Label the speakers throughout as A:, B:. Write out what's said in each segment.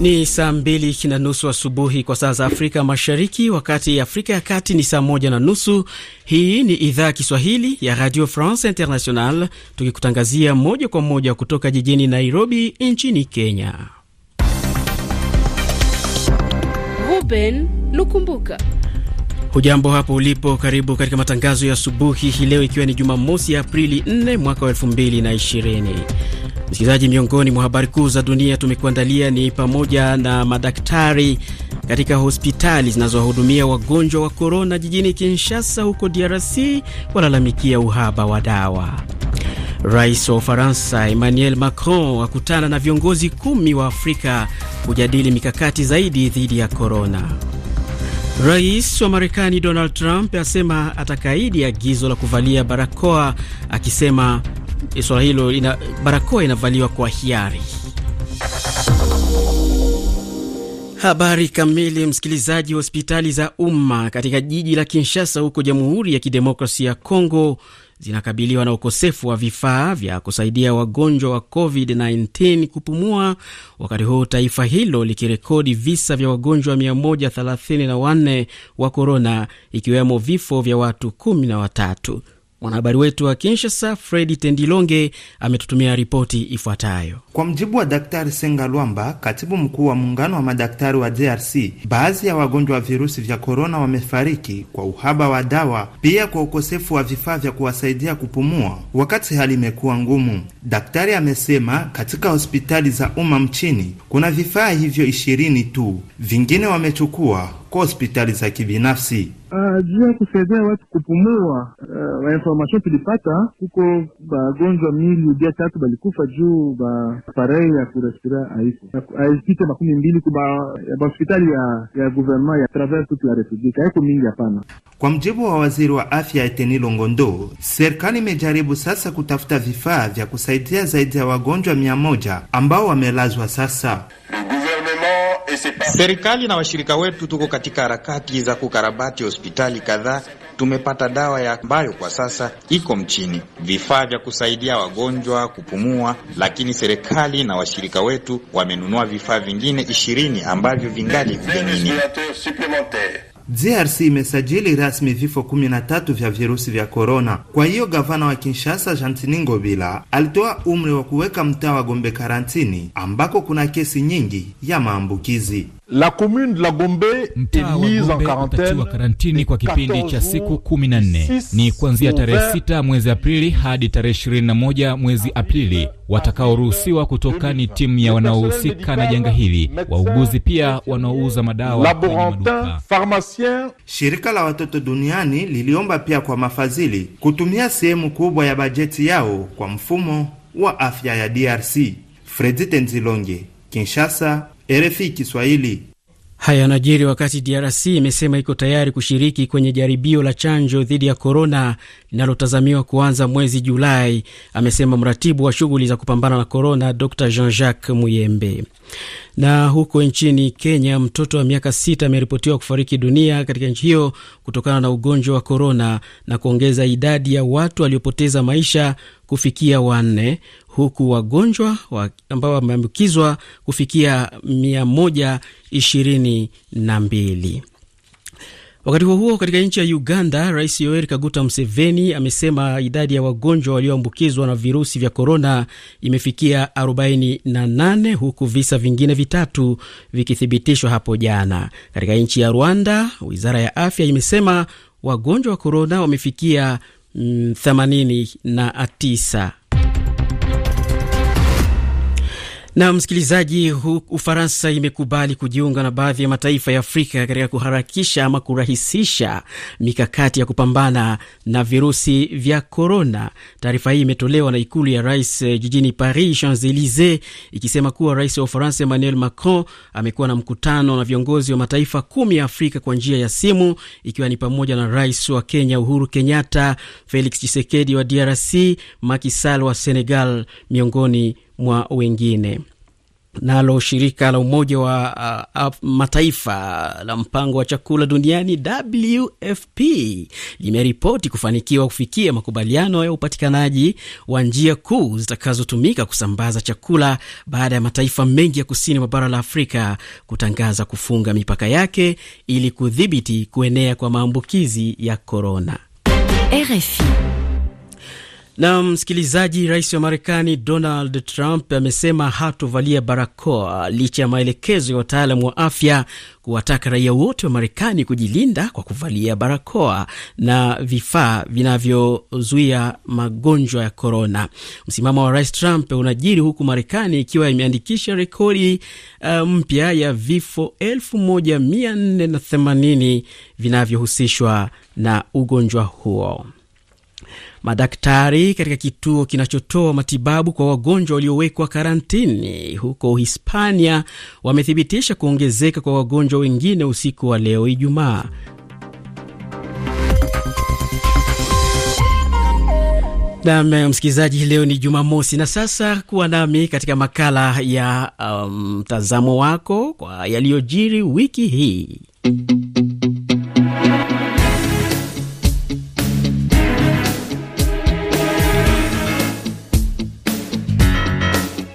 A: Ni saa mbili na nusu asubuhi kwa saa za Afrika Mashariki, wakati Afrika ya Kati ni saa moja na nusu. Hii ni idhaa ya Kiswahili ya Radio France International, tukikutangazia moja kwa moja kutoka jijini Nairobi nchini Kenya. Ruben Lukumbuka. Hujambo hapo ulipo, karibu katika matangazo ya asubuhi hii leo, ikiwa ni Jumamosi Aprili 4 mwaka wa 2020. Msikilizaji, miongoni mwa habari kuu za dunia tumekuandalia ni pamoja na madaktari katika hospitali zinazowahudumia wagonjwa wa korona jijini Kinshasa huko DRC walalamikia uhaba wa dawa. Rais wa Ufaransa Emmanuel Macron akutana na viongozi kumi wa Afrika kujadili mikakati zaidi dhidi ya korona. Rais wa Marekani Donald Trump asema atakaidi agizo la kuvalia barakoa akisema Eh, swala hilo ina, barakoa inavaliwa kwa hiari. Habari kamili, msikilizaji. Wa hospitali za umma katika jiji la Kinshasa huko Jamhuri ya Kidemokrasia ya Kongo zinakabiliwa na ukosefu wa vifaa vya kusaidia wagonjwa wa COVID-19 kupumua, wakati huu taifa hilo likirekodi visa vya wagonjwa 134 wa korona, ikiwemo vifo vya watu watatu. Mwanahabari wetu wa Kinshasa, Fredi Tendilonge, ametutumia ripoti ifuatayo.
B: Kwa mjibu wa Daktari Senga Lwamba, katibu mkuu wa muungano wa madaktari wa DRC, baadhi ya wagonjwa wa virusi vya korona wamefariki kwa uhaba wa dawa, pia kwa ukosefu wa vifaa vya kuwasaidia kupumua wakati hali imekuwa ngumu. Daktari amesema katika hospitali za umma mchini kuna vifaa hivyo ishirini tu, vingine wamechukua kwa hospitali za kibinafsi.
C: Uh, juu ya kusaidia watu kupumua uh, information tulipata huko bagonjwa mili bia tatu balikufa juu ba aparei ya kurespira aiko aisite makumi mbili kuba bahospitali ya ya gouvernement ya travers toute la republique haiko mingi hapana.
B: Kwa mjibu wa waziri wa afya Eteni Longondo, serikali imejaribu sasa kutafuta vifaa vya kusaidia zaidi ya wagonjwa mia moja ambao wamelazwa sasa Serikali na washirika wetu tuko katika harakati za kukarabati hospitali kadhaa. Tumepata dawa ya ambayo kwa sasa iko mchini, vifaa vya kusaidia wagonjwa kupumua, lakini serikali na washirika wetu wamenunua vifaa vingine ishirini ambavyo vingali ugenini. DRC imesajili rasmi vifo 13 vya virusi vya korona. Kwa hiyo gavana wa Kinshasa Jantini Ngobila alitoa umri wa kuweka mtaa wa Gombe karantini ambako kuna kesi nyingi ya maambukizi. La commune de la Gombe mtaa wa Gombe utatiwa
D: karantini kwa kipindi cha siku kumi na nne ni kuanzia tarehe 6 mwezi Aprili hadi tarehe 21 mwezi Aprili Watakaoruhusiwa kutoka ni timu ya wanaohusika na janga hili, wauguzi pia wanaouza madawa
B: Shirika la watoto duniani liliomba pia kwa mafadhili kutumia sehemu kubwa ya bajeti yao kwa mfumo wa afya ya DRC. Fredi Tenzilonge, Kinshasa, RFI Kiswahili.
A: Haya yanajiri wakati DRC imesema iko tayari kushiriki kwenye jaribio la chanjo dhidi ya korona linalotazamiwa kuanza mwezi Julai, amesema mratibu wa shughuli za kupambana na korona Dr Jean Jacques Muyembe. Na huko nchini Kenya, mtoto wa miaka sita ameripotiwa kufariki dunia katika nchi hiyo kutokana na ugonjwa wa korona na kuongeza idadi ya watu waliopoteza maisha kufikia wanne, huku wagonjwa wa ambao wameambukizwa kufikia mia moja ishirini na mbili. Wakati huo huo, katika nchi ya Uganda, Rais Yoweri Kaguta Museveni amesema idadi ya wagonjwa walioambukizwa na virusi vya korona imefikia 48 huku visa vingine vitatu vikithibitishwa hapo jana. Katika nchi ya Rwanda, wizara ya afya imesema wagonjwa wa korona wamefikia 89. Mm, na msikilizaji, Ufaransa imekubali kujiunga na baadhi ya mataifa ya Afrika katika kuharakisha ama kurahisisha mikakati ya kupambana na virusi vya korona. Taarifa hii imetolewa na ikulu ya rais eh, jijini Paris, Champs Elysee, ikisema kuwa rais wa Ufaransa Emmanuel Macron amekuwa na mkutano na viongozi wa mataifa kumi ya Afrika kwa njia ya simu, ikiwa ni pamoja na rais wa Kenya Uhuru Kenyatta, Felix Tshisekedi wa DRC, Macky Sall wa Senegal, miongoni mwa wengine. Nalo shirika la Umoja wa uh, uh, Mataifa la mpango wa chakula duniani WFP limeripoti kufanikiwa kufikia makubaliano ya upatikanaji wa njia kuu zitakazotumika kusambaza chakula baada ya mataifa mengi ya kusini mwa bara la Afrika kutangaza kufunga mipaka yake ili kudhibiti kuenea kwa maambukizi ya korona. RFI na msikilizaji, rais wa Marekani Donald Trump amesema hatovalia barakoa licha ya maelekezo ya wataalam wa afya kuwataka raia wote wa Marekani kujilinda kwa kuvalia barakoa na vifaa vinavyozuia magonjwa ya korona. Msimamo wa rais Trump unajiri huku Marekani ikiwa imeandikisha rekodi uh, mpya ya vifo 1480 vinavyohusishwa na ugonjwa huo. Madaktari katika kituo kinachotoa matibabu kwa wagonjwa waliowekwa karantini huko Hispania wamethibitisha kuongezeka kwa wagonjwa wengine usiku wa leo Ijumaa. Nam msikilizaji, leo ni Jumamosi na sasa kuwa nami katika makala ya um, mtazamo um, wako kwa yaliyojiri wiki hii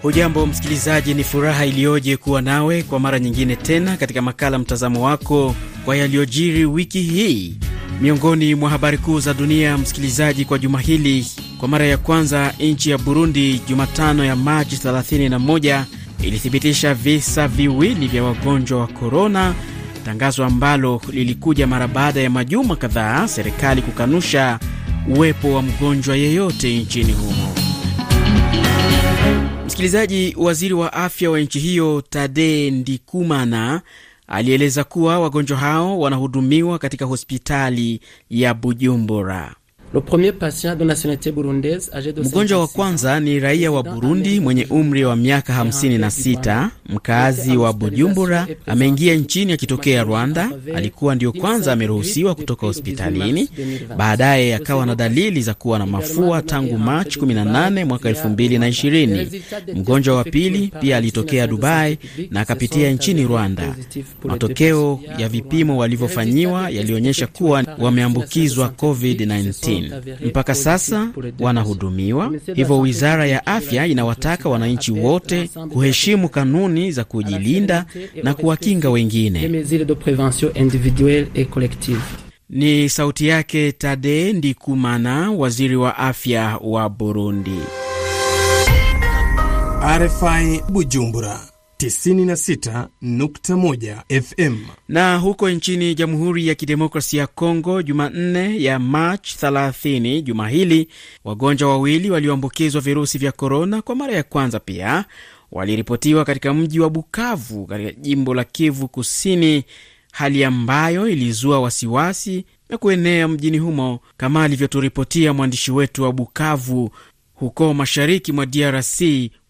A: Hujambo msikilizaji, ni furaha iliyoje kuwa nawe kwa mara nyingine tena katika makala mtazamo wako kwa yaliyojiri wiki hii. Miongoni mwa habari kuu za dunia, msikilizaji, kwa juma hili, kwa mara ya kwanza nchi ya Burundi Jumatano ya Machi 31 ilithibitisha visa viwili vya wagonjwa wa korona, tangazo ambalo lilikuja mara baada ya majuma kadhaa serikali kukanusha uwepo wa mgonjwa yeyote nchini humo. Msikilizaji, waziri wa afya wa nchi hiyo Tade Ndikumana alieleza kuwa wagonjwa hao wanahudumiwa katika hospitali ya Bujumbura. Mgonjwa wa kwanza ni raia wa Burundi mwenye umri wa miaka 56, mkaazi wa Bujumbura. Ameingia nchini akitokea Rwanda. Alikuwa ndiyo kwanza ameruhusiwa kutoka hospitalini, baadaye akawa na dalili za kuwa na mafua tangu Machi 18 mwaka 2020. Mgonjwa wa pili pia alitokea Dubai na akapitia nchini Rwanda. Matokeo ya vipimo walivyofanyiwa yalionyesha kuwa wameambukizwa COVID-19. Brazil. Mpaka sasa wanahudumiwa hivyo. Wizara ya afya inawataka wananchi wote kuheshimu kanuni za kujilinda na kuwakinga wengine. Ni sauti yake Tade Ndikumana, waziri wa afya wa Burundi. RFI Bujumbura 96.1 FM. Na huko nchini Jamhuri ya Kidemokrasia ya Kongo, Jumanne ya Machi 30 juma hili, wagonjwa wawili walioambukizwa virusi vya korona kwa mara ya kwanza pia waliripotiwa katika mji wa Bukavu katika jimbo la Kivu Kusini, hali ambayo ilizua wasiwasi na kuenea mjini humo, kama alivyoturipotia mwandishi wetu wa Bukavu huko mashariki mwa DRC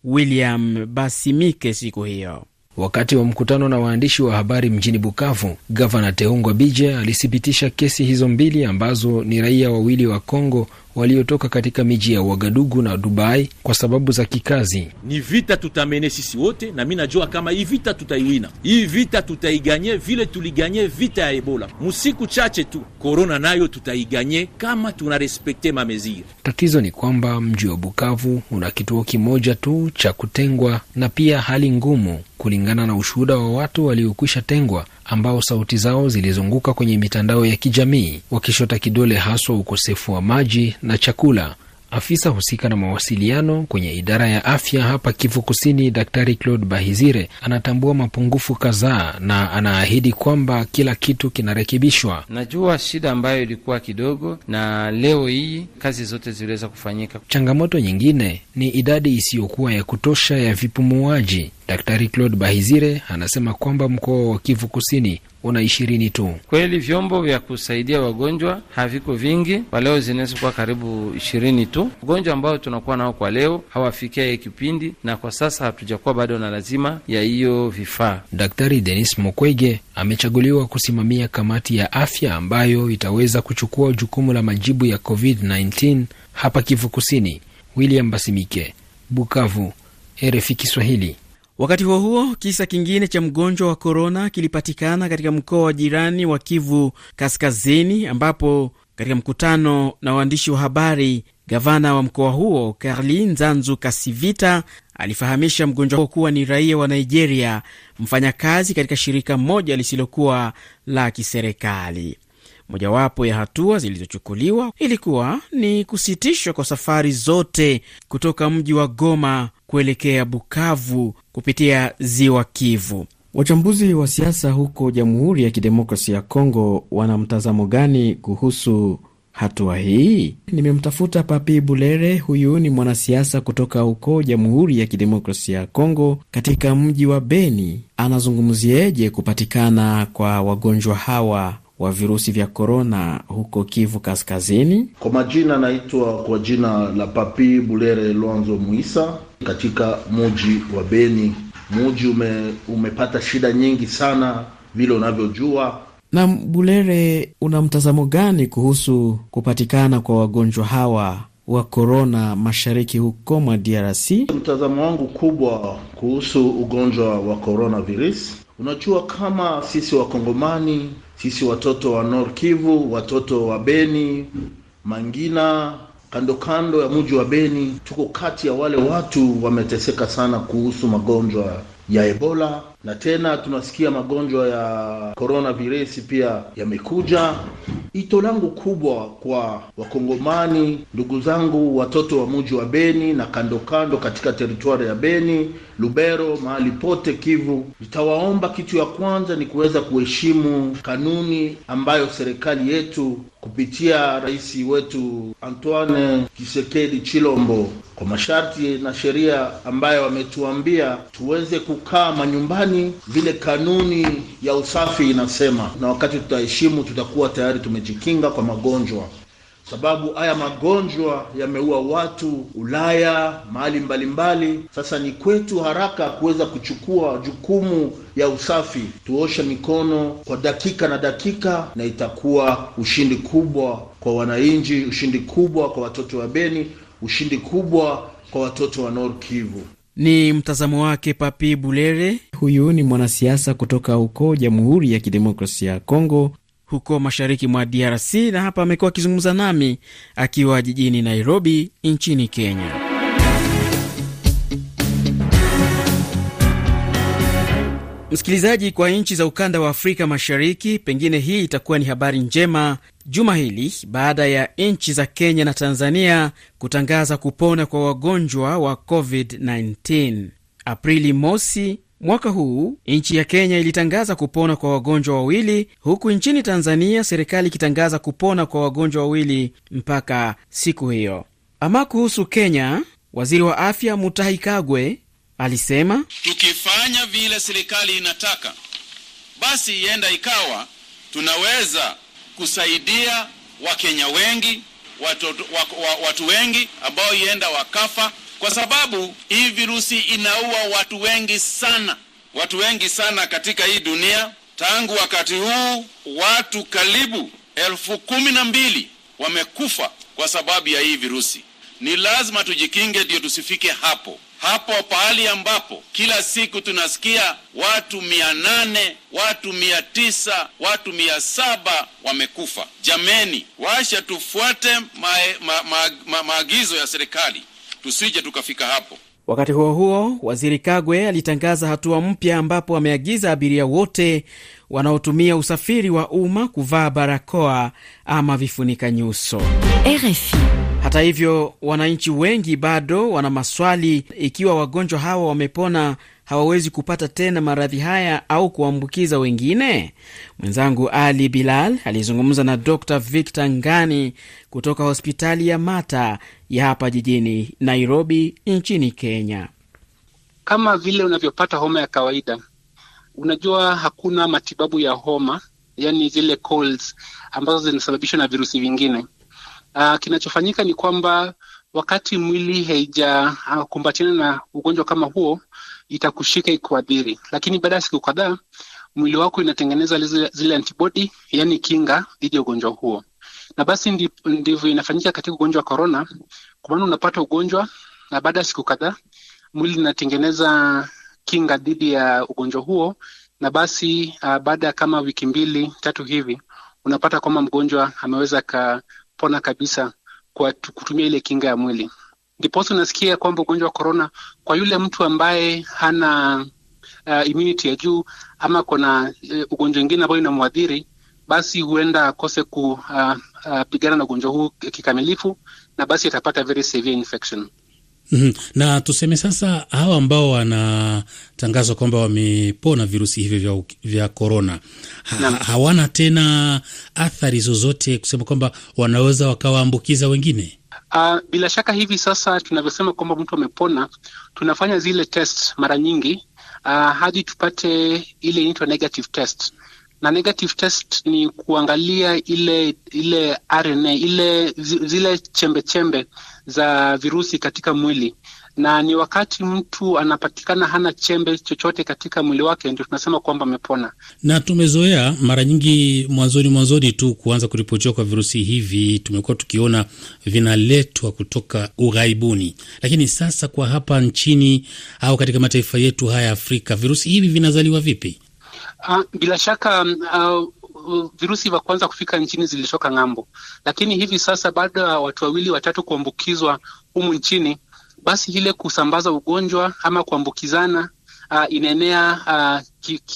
A: William Basimike siku hiyo.
D: Wakati wa mkutano na waandishi wa habari mjini Bukavu, gavana Teungwa Bije alithibitisha kesi hizo mbili ambazo ni raia wawili wa Kongo waliotoka katika miji ya Wagadugu na Dubai kwa sababu za kikazi.
C: Ni vita tutamene sisi wote, na mi najua kama hii vita tutaiwina, hii vita tutaiganye vile tuliganye vita ya Ebola. Musiku chache tu korona nayo tutaiganye kama tunarespekte mameziri.
D: Tatizo ni kwamba mji wa Bukavu una kituo kimoja tu cha kutengwa na pia hali ngumu kulingana na ushuhuda wa watu waliokwisha tengwa ambao sauti zao zilizunguka kwenye mitandao ya kijamii wakishota kidole haswa ukosefu wa maji na chakula. Afisa husika na mawasiliano kwenye idara ya afya hapa Kivu Kusini, Daktari Claude Bahizire anatambua mapungufu kadhaa na anaahidi kwamba kila kitu kinarekebishwa.
B: Najua shida ambayo ilikuwa kidogo, na leo hii kazi zote ziliweza kufanyika.
D: Changamoto nyingine ni idadi isiyokuwa ya kutosha ya vipumuaji. Daktari Claude Bahizire anasema kwamba mkoa wa Kivu Kusini una ishirini tu.
B: Kweli vyombo vya kusaidia wagonjwa haviko vingi, kwa leo zinaweza kuwa karibu ishirini tu. Wagonjwa ambao tunakuwa nao kwa leo hawafikia ye kipindi, na kwa sasa hatujakuwa bado na lazima ya hiyo vifaa.
D: Daktari Denis Mokwege amechaguliwa kusimamia kamati ya afya ambayo itaweza kuchukua jukumu la majibu ya COVID-19 hapa Kivu Kusini. William Basimike, Bukavu, RFI Kiswahili. Wakati huo huo, kisa kingine cha mgonjwa wa
A: korona kilipatikana katika mkoa wa jirani wa Kivu Kaskazini, ambapo katika mkutano na waandishi wa habari, gavana wa mkoa huo Karli Nzanzu Kasivita alifahamisha mgonjwa huo kuwa ni raia wa Nigeria, mfanyakazi katika shirika moja lisilokuwa la kiserikali. Mojawapo ya hatua zilizochukuliwa ilikuwa ni kusitishwa kwa safari zote kutoka mji wa Goma kuelekea Bukavu kupitia ziwa Kivu. Wachambuzi wa siasa huko Jamhuri ya kidemokrasi ya congo wana mtazamo gani kuhusu hatua hii? Nimemtafuta Papi Bulere, huyu ni mwanasiasa kutoka huko Jamhuri ya kidemokrasi ya congo katika mji wa Beni. Anazungumzieje kupatikana kwa wagonjwa hawa wa virusi vya korona huko Kivu
C: Kaskazini. Kwa majina anaitwa kwa jina la Papi Bulere Lwanzo Muisa katika muji wa Beni. Muji ume, umepata shida nyingi sana vile unavyojua.
A: Na Bulere, una mtazamo gani kuhusu kupatikana kwa wagonjwa hawa wa korona mashariki huko mwa DRC?
C: Mtazamo wangu kubwa kuhusu ugonjwa wa coronavirus Unajua, kama sisi Wakongomani, sisi watoto wa Nord Kivu, watoto wa Beni, Mangina, kando kando ya mji wa Beni, tuko kati ya wale watu wameteseka sana kuhusu magonjwa ya Ebola na tena tunasikia magonjwa ya coronavirus pia yamekuja Ito langu kubwa kwa Wakongomani, ndugu zangu, watoto wa muji wa Beni na kando kando katika teritwari ya Beni, Lubero, mahali pote Kivu, nitawaomba kitu ya kwanza ni kuweza kuheshimu kanuni ambayo serikali yetu kupitia rais wetu Antoine Kisekedi Chilombo kwa masharti na sheria ambayo wametuambia tuweze kukaa manyumbani vile kanuni ya usafi inasema, na wakati tutaheshimu, tutakuwa tayari tume wamejikinga kwa magonjwa, sababu haya magonjwa yameua watu Ulaya, mahali mbalimbali. Sasa ni kwetu haraka kuweza kuchukua jukumu ya usafi, tuoshe mikono kwa dakika na dakika, na itakuwa ushindi kubwa kwa wananchi, ushindi kubwa kwa watoto wa Beni, ushindi kubwa kwa watoto wa nor Kivu.
A: Ni mtazamo wake Papi Bulere. Huyu ni mwanasiasa kutoka huko Jamhuri ya Kidemokrasia ya Kongo huko mashariki mwa DRC, na hapa amekuwa akizungumza nami akiwa jijini Nairobi nchini Kenya. Msikilizaji, kwa nchi za ukanda wa Afrika Mashariki, pengine hii itakuwa ni habari njema juma hili baada ya nchi za Kenya na Tanzania kutangaza kupona kwa wagonjwa wa COVID-19. Aprili mosi Mwaka huu nchi ya Kenya ilitangaza kupona kwa wagonjwa wawili, huku nchini Tanzania serikali ikitangaza kupona kwa wagonjwa wawili mpaka siku hiyo. Ama kuhusu Kenya, waziri wa afya Mutahi Kagwe alisema
E: tukifanya vile serikali inataka, basi ienda ikawa tunaweza kusaidia Wakenya wengi watu, watu wengi ambao ienda wakafa kwa sababu hii virusi inaua watu wengi sana, watu wengi sana katika hii dunia. Tangu wakati huu watu karibu elfu kumi na mbili wamekufa kwa sababu ya hii virusi. Ni lazima tujikinge, ndio tusifike hapo hapo pahali ambapo kila siku tunasikia watu mia nane watu mia tisa watu mia saba wamekufa. Jameni, washa tufuate maagizo ma, ma, ma, ma, ya serikali tusije tukafika hapo.
A: Wakati huo huo, waziri Kagwe alitangaza hatua mpya ambapo ameagiza abiria wote wanaotumia usafiri wa umma kuvaa barakoa ama vifunika nyuso. RFI. Hata hivyo, wananchi wengi bado wana maswali ikiwa wagonjwa hawa wamepona hawawezi kupata tena maradhi haya au kuambukiza wengine? Mwenzangu Ali Bilal alizungumza na Dr Victor Ngani kutoka hospitali ya Mata ya hapa jijini Nairobi nchini Kenya.
F: Kama vile unavyopata homa ya kawaida, unajua hakuna matibabu ya homa, yani zile colds ambazo zinasababishwa na virusi vingine. Uh, kinachofanyika ni kwamba wakati mwili haijakumbatiana uh, na ugonjwa kama huo itakushika ikuadhiri, lakini baada ya siku kadhaa mwili wako inatengeneza zile, zile antibody, yani kinga dhidi ya ugonjwa huo, na basi ndivyo inafanyika katika ugonjwa wa korona. Kwa maana unapata ugonjwa na baada ya siku kadhaa mwili inatengeneza kinga dhidi ya ugonjwa huo, na basi uh, baada ya kama wiki mbili tatu hivi unapata kwamba mgonjwa ameweza akapona kabisa kwa kutumia ile kinga ya mwili. Ndiposa unasikia kwamba ugonjwa wa korona kwa yule mtu ambaye hana uh, immunity ya juu ama kuna uh, eh, ugonjwa wengine ambayo inamwadhiri, basi huenda akose kupigana uh, uh, na ugonjwa huu kikamilifu, na basi atapata very severe infection.
D: Mm-hmm. Na
F: tuseme sasa hawa ambao wanatangazwa kwamba wamepona virusi hivyo vya korona ha, hawana tena athari zozote kusema kwamba wanaweza wakawaambukiza wengine. Uh, bila shaka hivi sasa tunavyosema kwamba mtu amepona, tunafanya zile test mara nyingi uh, hadi tupate ile inaitwa negative test, na negative test ni kuangalia ile ile RNA ile zile chembe chembe za virusi katika mwili na ni wakati mtu anapatikana hana chembe chochote katika mwili wake, ndio tunasema kwamba amepona. Na tumezoea mara nyingi mwanzoni mwanzoni tu kuanza kuripotiwa kwa virusi hivi, tumekuwa tukiona vinaletwa kutoka ughaibuni, lakini sasa kwa hapa nchini au katika mataifa yetu haya Afrika, virusi hivi vinazaliwa vipi? Ah, bila shaka uh, virusi vya kwanza kufika nchini zilitoka ng'ambo, lakini hivi sasa baada ya watu wawili watatu kuambukizwa humu nchini basi ile kusambaza ugonjwa ama kuambukizana uh, inaenea uh, ah,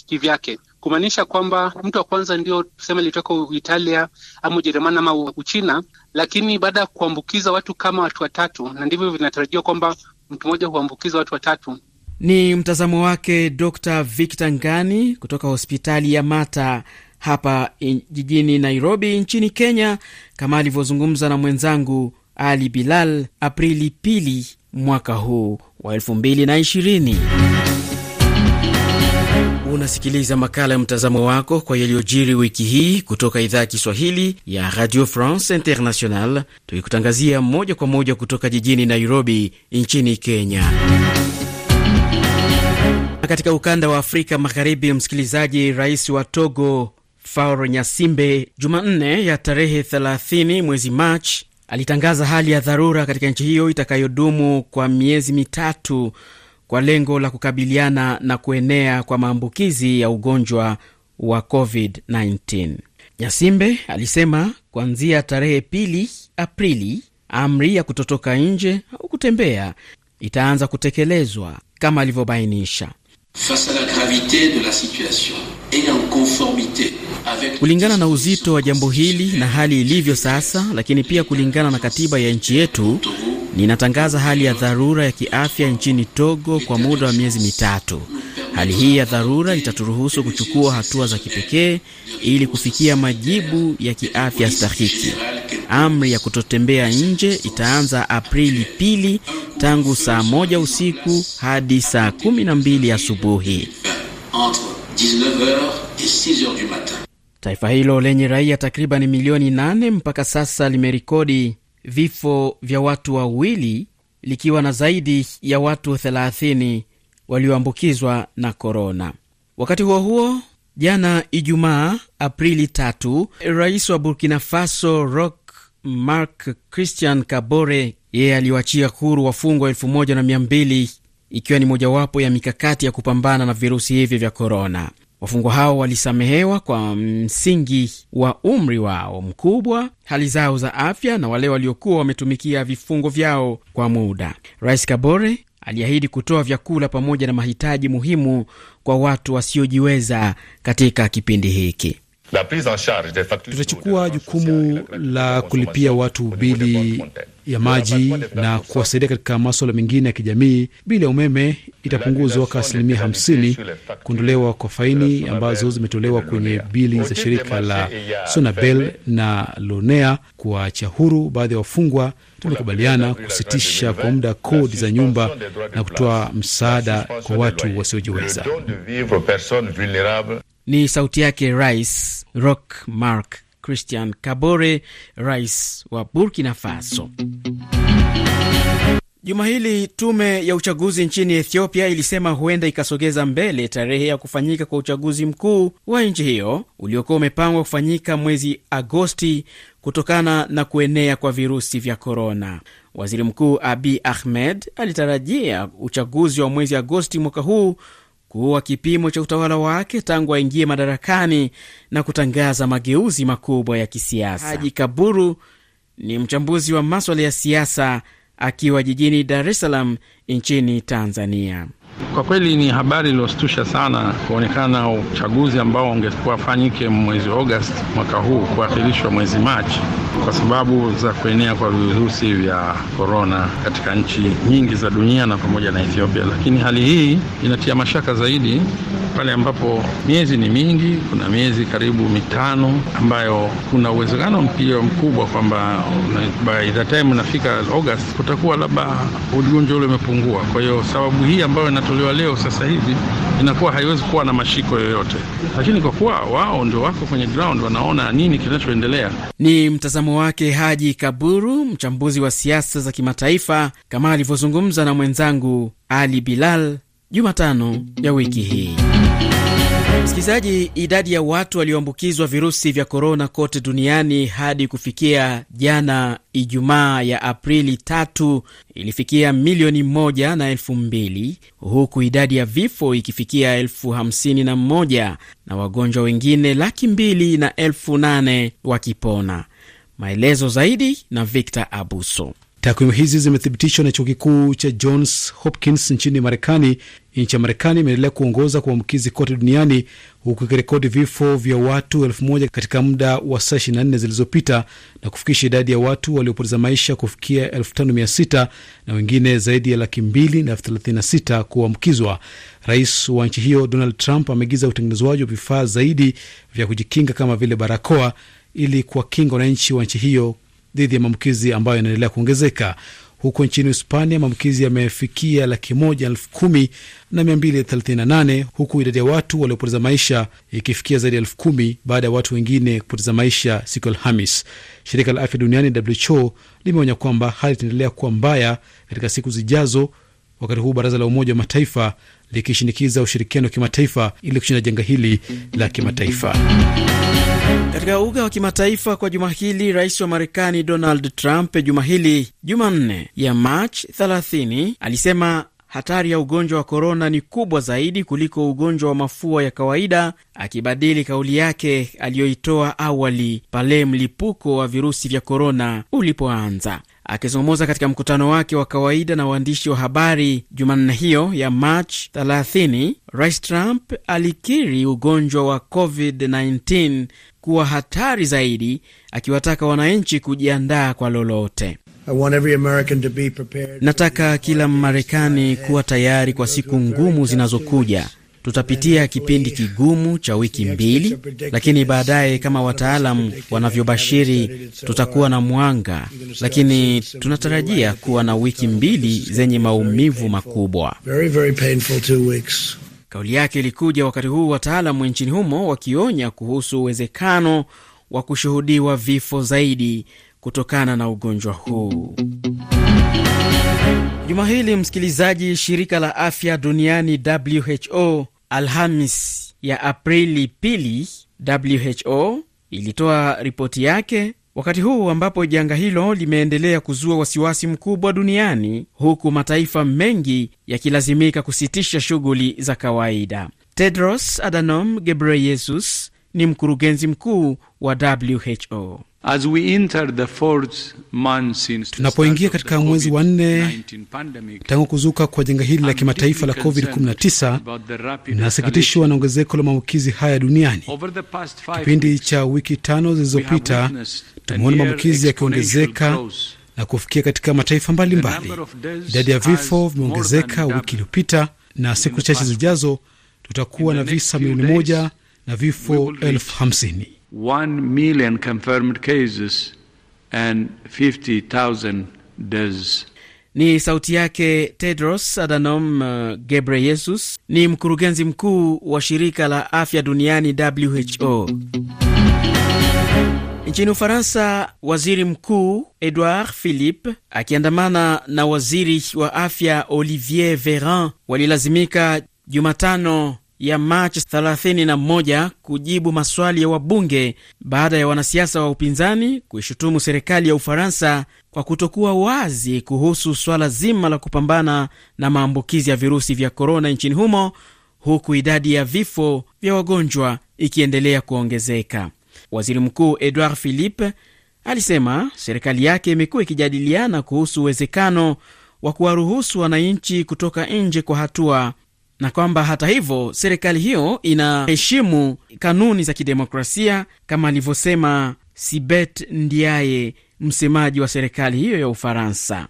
F: kivyake ki, ki kumaanisha kwamba mtu wa kwanza ndio tuseme alitoka Italia ama Ujerumani ama Uchina, lakini baada ya kuambukiza watu kama watu watatu, na ndivyo vinatarajiwa kwamba mtu mmoja huambukiza watu watatu.
A: Ni mtazamo wake Dr. Victor Ngani kutoka hospitali ya Mata hapa jijini Nairobi nchini Kenya, kama alivyozungumza na mwenzangu Ali Bilal Aprili pili mwaka huu wa 2020. Unasikiliza makala ya mtazamo wako kwa yaliyojiri wiki hii kutoka idhaa ya Kiswahili ya Radio France International, tukikutangazia moja kwa moja kutoka jijini Nairobi nchini Kenya. Katika ukanda wa Afrika Magharibi, msikilizaji, rais wa Togo Faure Nyasimbe Jumanne ya tarehe 30 mwezi Machi alitangaza hali ya dharura katika nchi hiyo itakayodumu kwa miezi mitatu kwa lengo la kukabiliana na kuenea kwa maambukizi ya ugonjwa wa COVID-19. Nyasimbe alisema kuanzia tarehe pili Aprili, amri ya kutotoka nje au kutembea itaanza kutekelezwa kama alivyobainisha. Kulingana na uzito wa jambo hili na hali ilivyo sasa, lakini pia kulingana na katiba ya nchi yetu, ninatangaza hali ya dharura ya kiafya nchini Togo kwa muda wa miezi mitatu. Hali hii ya dharura itaturuhusu kuchukua hatua za kipekee ili kufikia majibu ya kiafya stahiki. Amri ya kutotembea nje itaanza Aprili pili tangu saa moja usiku hadi saa kumi na mbili asubuhi.
C: 19h et 6h du matin.
A: Taifa hilo lenye raia takriban milioni 8 mpaka sasa limerekodi vifo vya watu wawili likiwa na zaidi ya watu 30 walioambukizwa na korona. Wakati huo huo, jana Ijumaa Aprili 3, rais wa Burkina Faso Roch Marc Christian Kabore yeye aliwachia huru wafungwa ikiwa ni mojawapo ya mikakati ya kupambana na virusi hivyo vya korona. Wafungwa hao walisamehewa kwa msingi wa umri wao mkubwa, hali zao za afya na wale waliokuwa wametumikia vifungo vyao kwa muda. Rais Kabore aliahidi kutoa vyakula pamoja na mahitaji muhimu kwa watu wasiojiweza katika kipindi hiki.
E: Tutachukua jukumu la kulipia watu bili
C: ya maji
E: na kuwasaidia katika maswala mengine ya kijamii. Bili ya umeme itapunguzwa kwa asilimia hamsini, kuondolewa kwa faini ambazo zimetolewa kwenye bili za shirika la Sonabel na Lonea, kuwaacha huru baadhi ya wafungwa. Tumekubaliana kusitisha kwa muda kodi za nyumba
A: na kutoa msaada kwa watu wasiojiweza. Ni sauti yake Rais rock mark Christian cabore rais wa Burkina Faso. Juma hili tume ya uchaguzi nchini Ethiopia ilisema huenda ikasogeza mbele tarehe ya kufanyika kwa uchaguzi mkuu wa nchi hiyo uliokuwa umepangwa kufanyika mwezi Agosti kutokana na kuenea kwa virusi vya korona. Waziri Mkuu abi Ahmed alitarajia uchaguzi wa mwezi Agosti mwaka huu kuwa kipimo cha utawala wake tangu aingie madarakani na kutangaza mageuzi makubwa ya kisiasa. Haji Kaburu ni mchambuzi wa maswala ya siasa akiwa jijini Dar es Salaam nchini
C: Tanzania. Kwa kweli ni habari iliyostusha sana kuonekana uchaguzi ambao ungekuwa fanyike mwezi August mwaka huu kuahirishwa mwezi Machi kwa sababu za kuenea kwa virusi vya korona katika nchi nyingi za dunia na pamoja na Ethiopia. Lakini hali hii inatia mashaka zaidi pale ambapo miezi ni mingi, kuna miezi karibu mitano ambayo kuna uwezekano mpio mkubwa kwamba by the time unafika August kutakuwa labda ugonjwa ule umepungua. Kwa hiyo sababu hii ambayo inayotolewa leo sasa hivi inakuwa haiwezi kuwa na mashiko yoyote, lakini kwa kuwa wao ndio wako kwenye ground, wanaona nini kinachoendelea. Ni mtazamo wake
A: Haji Kaburu, mchambuzi wa siasa za kimataifa, kama alivyozungumza na mwenzangu Ali Bilal Jumatano ya wiki hii. Msikilizaji, idadi ya watu walioambukizwa virusi vya korona kote duniani hadi kufikia jana Ijumaa ya Aprili tatu ilifikia milioni moja na elfu mbili huku idadi ya vifo ikifikia elfu hamsini na moja na wagonjwa wengine laki mbili na elfu nane wakipona. Maelezo zaidi na Victor Abuso.
E: Takwimu hizi zimethibitishwa na chuo kikuu cha Johns Hopkins nchini Marekani. Nchi ya Marekani imeendelea kuongoza kwa uambukizi kote duniani huku ikirekodi vifo vya watu elfu moja katika muda wa saa 24 zilizopita na kufikisha idadi ya watu waliopoteza maisha kufikia elfu tano mia sita na wengine zaidi ya laki mbili na elfu thelathini na sita kuambukizwa. Rais wa nchi hiyo Donald Trump ameagiza utengenezwaji wa vifaa zaidi vya kujikinga kama vile barakoa ili kuwakinga wananchi wa nchi hiyo dhidi ya maambukizi ambayo yanaendelea kuongezeka. Huko nchini Hispania, maambukizi yamefikia laki moja elfu kumi na mia mbili thelathini na nane huku idadi ya watu waliopoteza maisha ikifikia zaidi ya elfu kumi baada ya watu wengine kupoteza maisha siku Alhamis. Shirika la afya duniani WHO limeonya kwamba hali itaendelea kuwa mbaya katika siku zijazo, wakati huu baraza la Umoja wa Mataifa likishinikiza ushirikiano wa kimataifa ili kushinda janga hili la kimataifa.
A: Katika uga wa kimataifa kwa juma hili, rais wa Marekani Donald Trump juma hili Jumanne ya Machi 30 alisema hatari ya ugonjwa wa korona ni kubwa zaidi kuliko ugonjwa wa mafua ya kawaida, akibadili kauli yake aliyoitoa awali pale mlipuko wa virusi vya korona ulipoanza. Akizungumza katika mkutano wake wa kawaida na waandishi wa habari Jumanne hiyo ya Machi 30, Rais Trump alikiri ugonjwa wa COVID-19 kuwa hatari zaidi, akiwataka wananchi kujiandaa kwa lolote. Nataka kila Mmarekani kuwa tayari kwa siku ngumu zinazokuja. Tutapitia kipindi kigumu cha wiki mbili, lakini baadaye, kama wataalam wanavyobashiri, tutakuwa na mwanga, lakini tunatarajia kuwa na wiki mbili zenye maumivu makubwa. Kauli yake ilikuja wakati huu wataalamu nchini humo wakionya kuhusu uwezekano wa kushuhudiwa vifo zaidi kutokana na ugonjwa huu. Juma hili msikilizaji, shirika la afya duniani WHO Alhamis ya Aprili pili, WHO ilitoa ripoti yake wakati huu ambapo janga hilo limeendelea kuzua wasiwasi mkubwa duniani huku mataifa mengi yakilazimika kusitisha shughuli za kawaida. Tedros Adhanom Ghebreyesus ni mkurugenzi mkuu wa WHO.
E: Tunapoingia katika mwezi wa nne tangu
A: kuzuka kwa janga
E: hili la kimataifa la COVID-19, nasikitishwa na ongezeko la maambukizi haya duniani. Kipindi cha wiki tano zilizopita tumeona maambukizi yakiongezeka na kufikia katika mataifa mbalimbali.
D: Idadi ya vifo vimeongezeka
E: wiki iliyopita, na siku chache zijazo tutakuwa na visa milioni moja na
A: vifo elfu hamsini. Ni sauti yake Tedros Adhanom uh, Ghebreyesus, ni mkurugenzi mkuu wa shirika la afya duniani WHO. Nchini Ufaransa, waziri mkuu Edouard Philippe akiandamana na waziri wa afya Olivier Veran walilazimika Jumatano ya Machi 31 kujibu maswali ya wabunge baada ya wanasiasa wa upinzani kuishutumu serikali ya Ufaransa kwa kutokuwa wazi kuhusu swala zima la kupambana na maambukizi ya virusi vya korona nchini humo, huku idadi ya vifo vya wagonjwa ikiendelea kuongezeka. Waziri Mkuu Edouard Philippe alisema serikali yake imekuwa ikijadiliana kuhusu uwezekano wa kuwaruhusu wananchi kutoka nje kwa hatua na kwamba hata hivyo serikali hiyo inaheshimu kanuni za kidemokrasia kama alivyosema Sibet Ndiaye, msemaji wa serikali hiyo ya Ufaransa.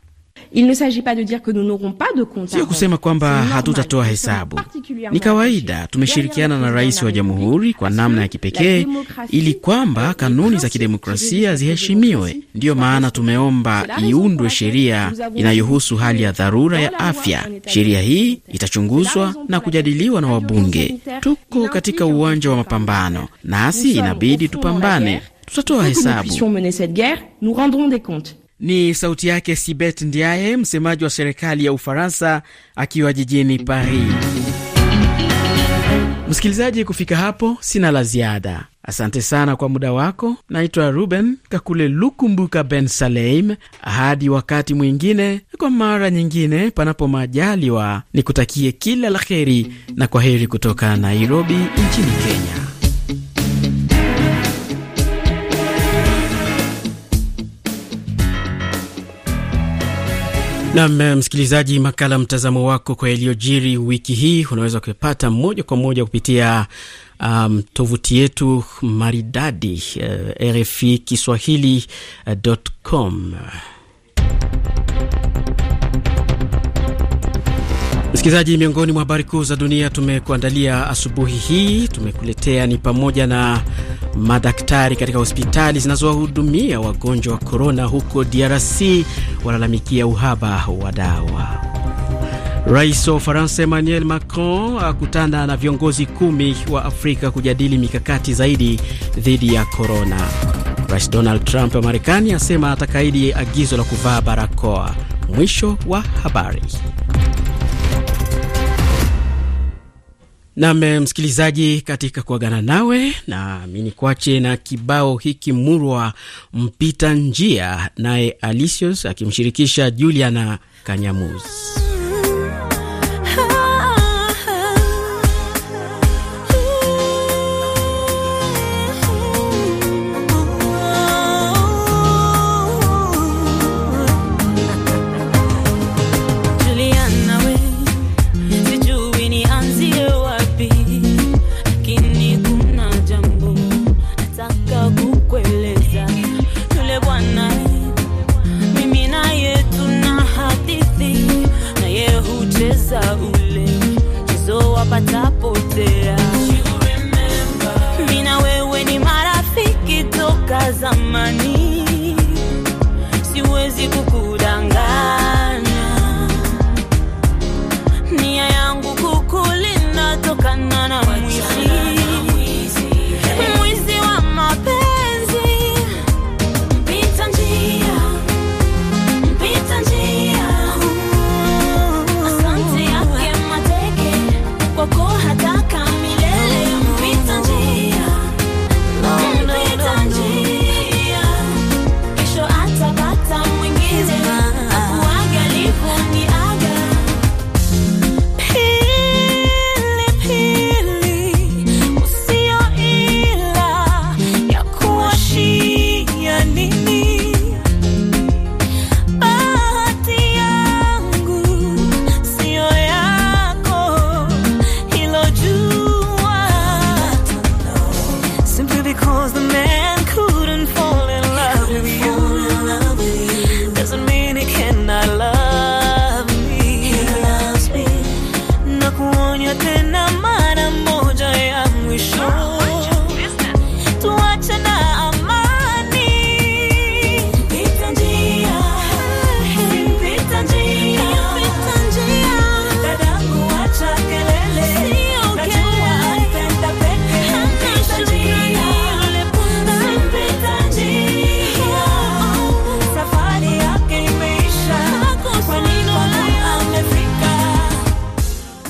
A: Il ne s'agit pas de dire que nous n'aurons pas de compte. Sio kusema kwamba hatutatoa hesabu. Ni kawaida, tumeshirikiana na rais wa jamhuri kwa namna ya kipekee ili kwamba kanuni za kidemokrasia ziheshimiwe. Ndiyo maana tumeomba iundwe sheria inayohusu hali ya dharura ya afya. Sheria hii itachunguzwa na kujadiliwa na wabunge. Tuko katika uwanja wa mapambano, nasi inabidi tupambane. Tutatoa hesabu. Ni sauti yake Sibet Ndiaye, msemaji wa serikali ya Ufaransa akiwa jijini Paris. Msikilizaji, kufika hapo sina la ziada. Asante sana kwa muda wako. Naitwa Ruben Kakule Lukumbuka Ben Saleim. Hadi wakati mwingine, kwa mara nyingine, panapo majaliwa, nikutakie kila la heri na kwa heri kutoka Nairobi nchini Kenya. Nam msikilizaji, makala mtazamo wako kwa yaliyojiri wiki hii unaweza kuipata moja kwa moja kupitia um, tovuti yetu maridadi uh, eh, RFI Kiswahili.com. Eh, Msikilizaji, miongoni mwa habari kuu za dunia tumekuandalia asubuhi hii, tumekuletea ni pamoja na madaktari katika hospitali zinazowahudumia wagonjwa wa korona huko DRC walalamikia uhaba wa dawa. Rais wa Ufaransa Emmanuel Macron akutana na viongozi kumi wa Afrika kujadili mikakati zaidi dhidi ya korona. Rais Donald Trump wa Marekani asema atakaidi agizo la kuvaa barakoa. Mwisho wa habari. Nam eh, msikilizaji, katika kuagana nawe mi ni kwache na kibao hiki murwa mpita njia, naye Alisios akimshirikisha Juliana Kanyamuzi.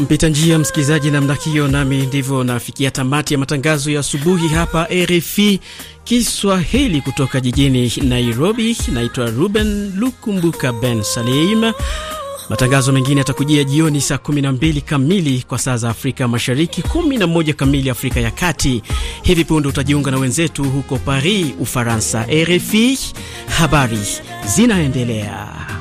A: mpita njia msikilizaji, namna hiyo, nami ndivyo nafikia tamati ya matangazo ya asubuhi hapa RFI Kiswahili kutoka jijini Nairobi. Naitwa Ruben Lukumbuka Ben salim Matangazo mengine yatakujia jioni saa 12 kamili kwa saa za Afrika Mashariki, 11 kamili Afrika ya Kati. Hivi punde utajiunga na wenzetu huko Paris, Ufaransa. RFI, habari
B: zinaendelea.